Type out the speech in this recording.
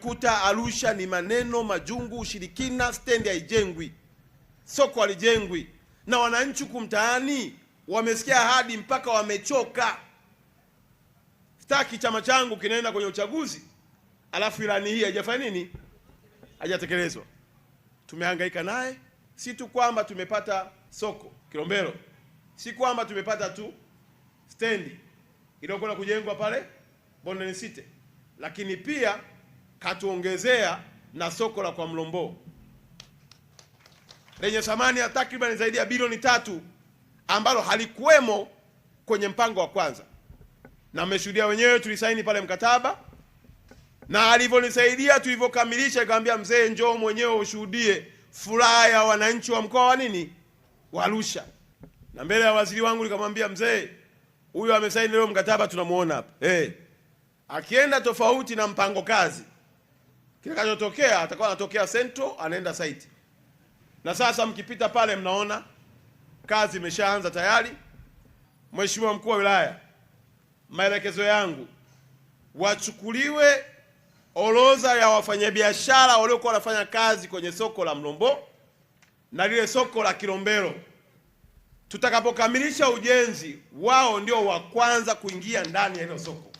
Kuta Arusha ni maneno majungu, ushirikina, stendi haijengwi, soko halijengwi, na wananchi kumtaani wamesikia ahadi mpaka wamechoka. Sitaki chama changu kinaenda kwenye uchaguzi alafu ilani hii haijafanya nini, haijatekelezwa. Tumehangaika naye, si tu kwamba tumepata soko Kilombero, si kwamba tumepata tu stendi iliyokwenda kujengwa pale Bondeni City, lakini pia katuongezea na soko la kwa Mlombo lenye thamani ya takriban zaidi ya bilioni tatu ambalo halikuwemo kwenye mpango wa kwanza, na mmeshuhudia wenyewe, tulisaini pale mkataba na alivyonisaidia tulivyokamilisha, ikamwambia mzee, njoo mwenyewe ushuhudie furaha ya wananchi wa mkoa wa nini wa Arusha. Na mbele ya waziri wangu nikamwambia mzee, huyo amesaini leo mkataba, tunamuona hapa eh, Akienda tofauti na mpango kazi kitakachotokea atakuwa anatokea sento anaenda site, na sasa mkipita pale mnaona kazi imeshaanza tayari. Mheshimiwa mkuu wa wilaya, maelekezo yangu wachukuliwe orodha ya wafanyabiashara waliokuwa wanafanya kazi kwenye soko la Mlombo na lile soko la Kilombero. Tutakapokamilisha ujenzi wao, ndio wa kwanza kuingia ndani ya hilo soko.